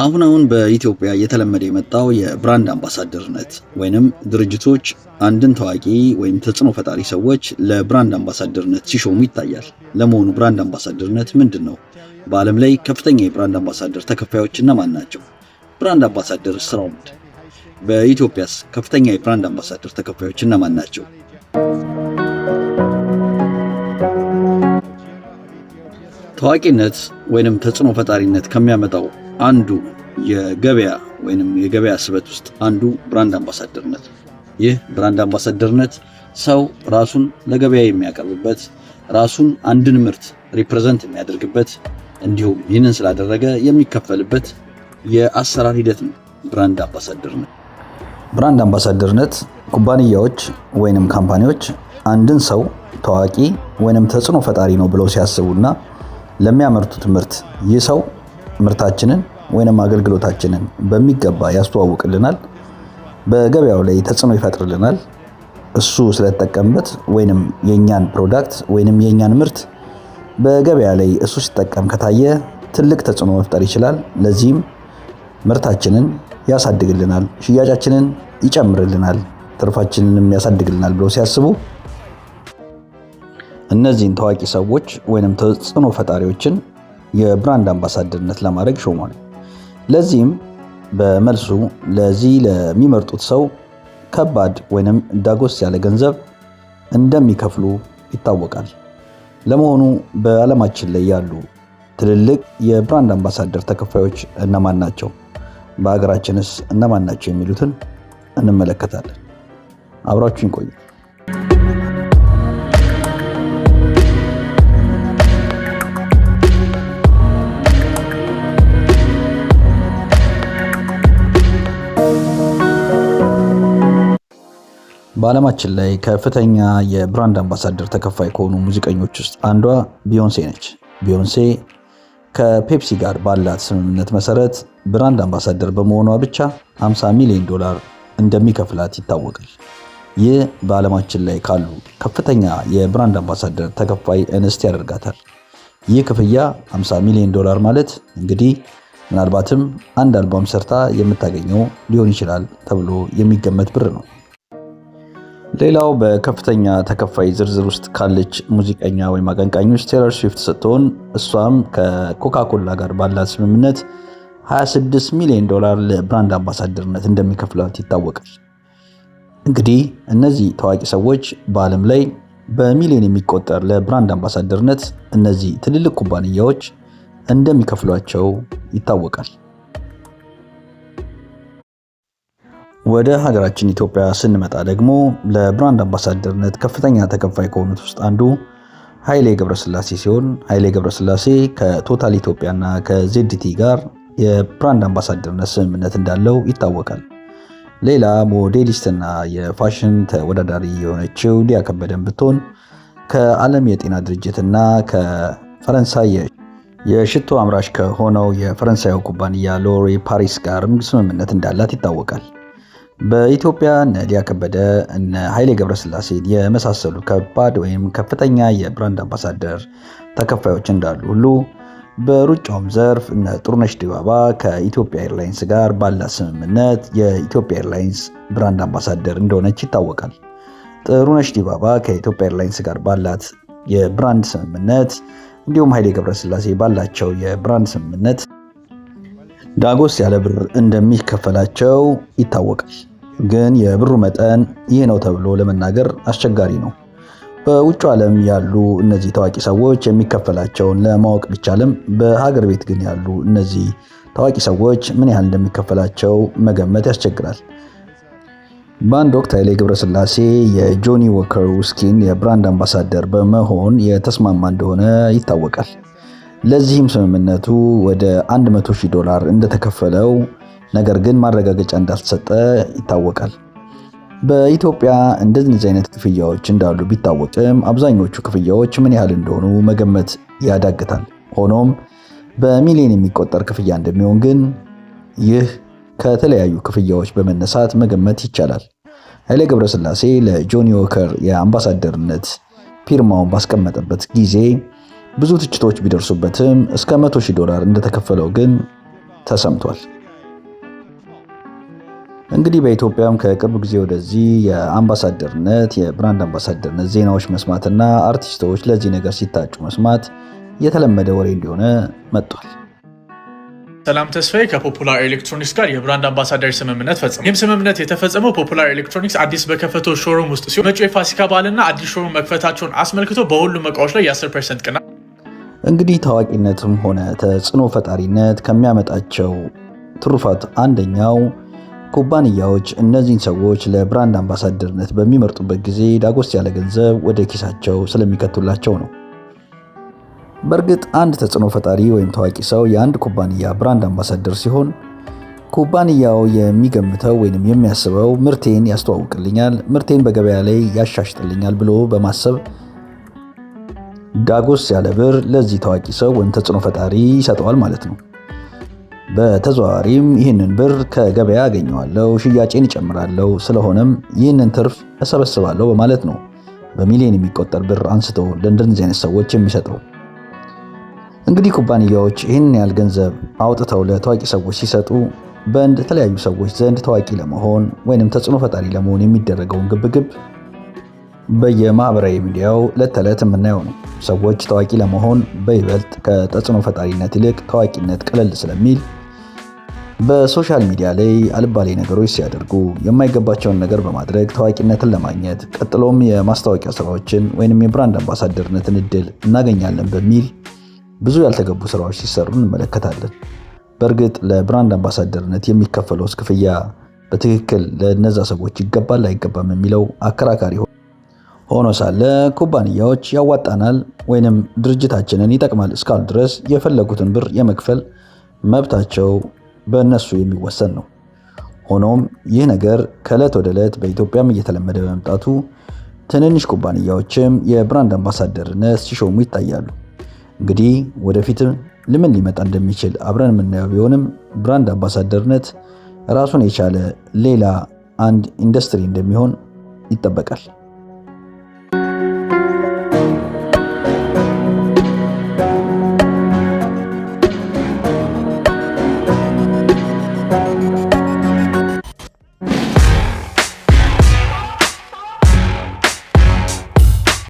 አሁን አሁን በኢትዮጵያ እየተለመደ የመጣው የብራንድ አምባሳደርነት ወይንም ድርጅቶች አንድን ታዋቂ ወይም ተጽዕኖ ፈጣሪ ሰዎች ለብራንድ አምባሳደርነት ሲሾሙ ይታያል። ለመሆኑ ብራንድ አምባሳደርነት ምንድን ነው? በዓለም ላይ ከፍተኛ የብራንድ አምባሳደር ተከፋዮች እነማን ናቸው? ብራንድ አምባሳደር ስራው ምንድን? በኢትዮጵያስ ከፍተኛ የብራንድ አምባሳደር ተከፋዮች እነማን ናቸው? ታዋቂነት ወይንም ተጽዕኖ ፈጣሪነት ከሚያመጣው አንዱ የገበያ ወይም የገበያ ስበት ውስጥ አንዱ ብራንድ አምባሳደርነት ነው። ይህ ብራንድ አምባሳደርነት ሰው ራሱን ለገበያ የሚያቀርብበት ራሱን አንድን ምርት ሪፕሬዘንት የሚያደርግበት እንዲሁም ይህንን ስላደረገ የሚከፈልበት የአሰራር ሂደት ነው። ብራንድ አምባሳደርነት ብራንድ አምባሳደርነት ኩባንያዎች ወይንም ካምፓኒዎች አንድን ሰው ታዋቂ ወይንም ተጽዕኖ ፈጣሪ ነው ብለው ሲያስቡና ለሚያመርቱት ምርት ይህ ሰው ምርታችንን ወይንም አገልግሎታችንን በሚገባ ያስተዋውቅልናል፣ በገበያው ላይ ተጽዕኖ ይፈጥርልናል። እሱ ስለተጠቀምበት ወይንም የእኛን ፕሮዳክት ወይንም የእኛን ምርት በገበያ ላይ እሱ ሲጠቀም ከታየ ትልቅ ተጽዕኖ መፍጠር ይችላል። ለዚህም ምርታችንን ያሳድግልናል፣ ሽያጫችንን ይጨምርልናል፣ ትርፋችንንም ያሳድግልናል ብለው ሲያስቡ እነዚህን ታዋቂ ሰዎች ወይንም ተጽዕኖ ፈጣሪዎችን የብራንድ አምባሳደርነት ለማድረግ ሾሟል። ለዚህም በመልሱ ለዚህ ለሚመርጡት ሰው ከባድ ወይንም ዳጎስ ያለ ገንዘብ እንደሚከፍሉ ይታወቃል። ለመሆኑ በዓለማችን ላይ ያሉ ትልልቅ የብራንድ አምባሳደር ተከፋዮች እነማን ናቸው? በሀገራችንስ እነማን ናቸው? የሚሉትን እንመለከታለን። አብራችሁ ይቆዩ። በዓለማችን ላይ ከፍተኛ የብራንድ አምባሳደር ተከፋይ ከሆኑ ሙዚቀኞች ውስጥ አንዷ ቢዮንሴ ነች። ቢዮንሴ ከፔፕሲ ጋር ባላት ስምምነት መሰረት ብራንድ አምባሳደር በመሆኗ ብቻ 50 ሚሊዮን ዶላር እንደሚከፍላት ይታወቃል። ይህ በዓለማችን ላይ ካሉ ከፍተኛ የብራንድ አምባሳደር ተከፋይ እንስት ያደርጋታል። ይህ ክፍያ 50 ሚሊዮን ዶላር ማለት እንግዲህ ምናልባትም አንድ አልባም ሰርታ የምታገኘው ሊሆን ይችላል ተብሎ የሚገመት ብር ነው። ሌላው በከፍተኛ ተከፋይ ዝርዝር ውስጥ ካለች ሙዚቀኛ ወይም አቀንቃኝ ውስጥ ቴለር ስዊፍት ስትሆን እሷም ከኮካኮላ ጋር ባላት ስምምነት 26 ሚሊዮን ዶላር ለብራንድ አምባሳደርነት እንደሚከፍላት ይታወቃል። እንግዲህ እነዚህ ታዋቂ ሰዎች በዓለም ላይ በሚሊዮን የሚቆጠር ለብራንድ አምባሳደርነት እነዚህ ትልልቅ ኩባንያዎች እንደሚከፍሏቸው ይታወቃል። ወደ ሀገራችን ኢትዮጵያ ስንመጣ ደግሞ ለብራንድ አምባሳደርነት ከፍተኛ ተከፋይ ከሆኑት ውስጥ አንዱ ኃይሌ ገብረስላሴ ሲሆን ኃይሌ ገብረስላሴ ከቶታል ኢትዮጵያና ከዜድቲ ጋር የብራንድ አምባሳደርነት ስምምነት እንዳለው ይታወቃል። ሌላ ሞዴሊስትና የፋሽን ተወዳዳሪ የሆነችው ሊያ ከበደን ብትሆን ከዓለም የጤና ድርጅትና ከፈረንሳይ የሽቶ አምራች ከሆነው የፈረንሳይ ኩባንያ ሎሬ ፓሪስ ጋርም ስምምነት እንዳላት ይታወቃል። በኢትዮጵያ እነ ሊያ ከበደ እነ ኃይሌ ገብረስላሴን የመሳሰሉ ከባድ ወይም ከፍተኛ የብራንድ አምባሳደር ተከፋዮች እንዳሉ ሁሉ በሩጫውም ዘርፍ እነ ጥሩነሽ ዲባባ ከኢትዮጵያ ኤርላይንስ ጋር ባላት ስምምነት የኢትዮጵያ ኤርላይንስ ብራንድ አምባሳደር እንደሆነች ይታወቃል። ጥሩነሽ ዲባባ ከኢትዮጵያ ኤርላይንስ ጋር ባላት የብራንድ ስምምነት እንዲሁም ኃይሌ ገብረስላሴ ባላቸው የብራንድ ስምምነት ዳጎስ ያለ ብር እንደሚከፈላቸው ይታወቃል። ግን የብሩ መጠን ይህ ነው ተብሎ ለመናገር አስቸጋሪ ነው። በውጭ ዓለም ያሉ እነዚህ ታዋቂ ሰዎች የሚከፈላቸውን ለማወቅ ቢቻልም በሀገር ቤት ግን ያሉ እነዚህ ታዋቂ ሰዎች ምን ያህል እንደሚከፈላቸው መገመት ያስቸግራል። በአንድ ወቅት ኃይሌ ገብረስላሴ የጆኒ ወከር ውስኪን የብራንድ አምባሳደር በመሆን የተስማማ እንደሆነ ይታወቃል። ለዚህም ስምምነቱ ወደ 100 ሺህ ዶላር እንደተከፈለው ነገር ግን ማረጋገጫ እንዳልተሰጠ ይታወቃል። በኢትዮጵያ እንደዚህ አይነት ክፍያዎች እንዳሉ ቢታወቅም አብዛኞቹ ክፍያዎች ምን ያህል እንደሆኑ መገመት ያዳግታል። ሆኖም በሚሊዮን የሚቆጠር ክፍያ እንደሚሆን ግን ይህ ከተለያዩ ክፍያዎች በመነሳት መገመት ይቻላል። ኃይሌ ገብረስላሴ ለጆኒ ዎከር የአምባሳደርነት ፊርማውን ባስቀመጠበት ጊዜ ብዙ ትችቶች ቢደርሱበትም እስከ 100 ሺህ ዶላር እንደተከፈለው ግን ተሰምቷል። እንግዲህ በኢትዮጵያም ከቅርብ ጊዜ ወደዚህ የአምባሳደርነት የብራንድ አምባሳደርነት ዜናዎች መስማትና አርቲስቶች ለዚህ ነገር ሲታጩ መስማት የተለመደ ወሬ እንደሆነ መጥቷል። ሰላም ተስፋዬ ከፖፑላር ኤሌክትሮኒክስ ጋር የብራንድ አምባሳደር ስምምነት ፈጽሟል። ይህም ስምምነት የተፈጸመው ፖፑላር ኤሌክትሮኒክስ አዲስ በከፈተው ሾሩም ውስጥ ሲሆን መጪው የፋሲካ በዓልና አዲስ ሾሩም መክፈታቸውን አስመልክቶ በሁሉም እቃዎች ላይ የ10 ፐርሰንት ቅና እንግዲህ ታዋቂነትም ሆነ ተጽዕኖ ፈጣሪነት ከሚያመጣቸው ትሩፋት አንደኛው ኩባንያዎች እነዚህን ሰዎች ለብራንድ አምባሳደርነት በሚመርጡበት ጊዜ ዳጎስ ያለ ገንዘብ ወደ ኪሳቸው ስለሚከቱላቸው ነው። በእርግጥ አንድ ተጽዕኖ ፈጣሪ ወይም ታዋቂ ሰው የአንድ ኩባንያ ብራንድ አምባሳደር ሲሆን ኩባንያው የሚገምተው ወይም የሚያስበው ምርቴን ያስተዋውቅልኛል፣ ምርቴን በገበያ ላይ ያሻሽጥልኛል ብሎ በማሰብ ዳጎስ ያለ ብር ለዚህ ታዋቂ ሰው ወይም ተጽዕኖ ፈጣሪ ይሰጠዋል ማለት ነው። በተዘዋዋሪም ይህንን ብር ከገበያ አገኘዋለሁ፣ ሽያጭን ይጨምራለው ስለሆነም ይህንን ትርፍ እሰበስባለሁ በማለት ነው በሚሊዮን የሚቆጠር ብር አንስቶ ለእንደዚህ አይነት ሰዎች የሚሰጠው። እንግዲህ ኩባንያዎች ይህንን ያህል ገንዘብ አውጥተው ለታዋቂ ሰዎች ሲሰጡ በተለያዩ ሰዎች ዘንድ ታዋቂ ለመሆን ወይንም ተጽዕኖ ፈጣሪ ለመሆን የሚደረገውን ግብግብ በየማህበራዊ ሚዲያው ዕለት ተዕለት የምናየው ነው። ሰዎች ታዋቂ ለመሆን በይበልጥ ከተጽዕኖ ፈጣሪነት ይልቅ ታዋቂነት ቀለል ስለሚል በሶሻል ሚዲያ ላይ አልባሌ ነገሮች ሲያደርጉ የማይገባቸውን ነገር በማድረግ ታዋቂነትን ለማግኘት ቀጥሎም የማስታወቂያ ስራዎችን ወይም የብራንድ አምባሳደርነትን እድል እናገኛለን በሚል ብዙ ያልተገቡ ስራዎች ሲሰሩ እንመለከታለን። በእርግጥ ለብራንድ አምባሳደርነት የሚከፈለውስ ክፍያ በትክክል ለእነዛ ሰዎች ይገባል አይገባም የሚለው አከራካሪ ሆኖ ሳለ ኩባንያዎች ያዋጣናል ወይንም ድርጅታችንን ይጠቅማል እስካሉ ድረስ የፈለጉትን ብር የመክፈል መብታቸው በእነሱ የሚወሰን ነው። ሆኖም ይህ ነገር ከዕለት ወደ ዕለት በኢትዮጵያም እየተለመደ በመምጣቱ ትንንሽ ኩባንያዎችም የብራንድ አምባሳደርነት ሲሾሙ ይታያሉ። እንግዲህ ወደፊት ልምን ሊመጣ እንደሚችል አብረን የምናየው ቢሆንም ብራንድ አምባሳደርነት ራሱን የቻለ ሌላ አንድ ኢንዱስትሪ እንደሚሆን ይጠበቃል።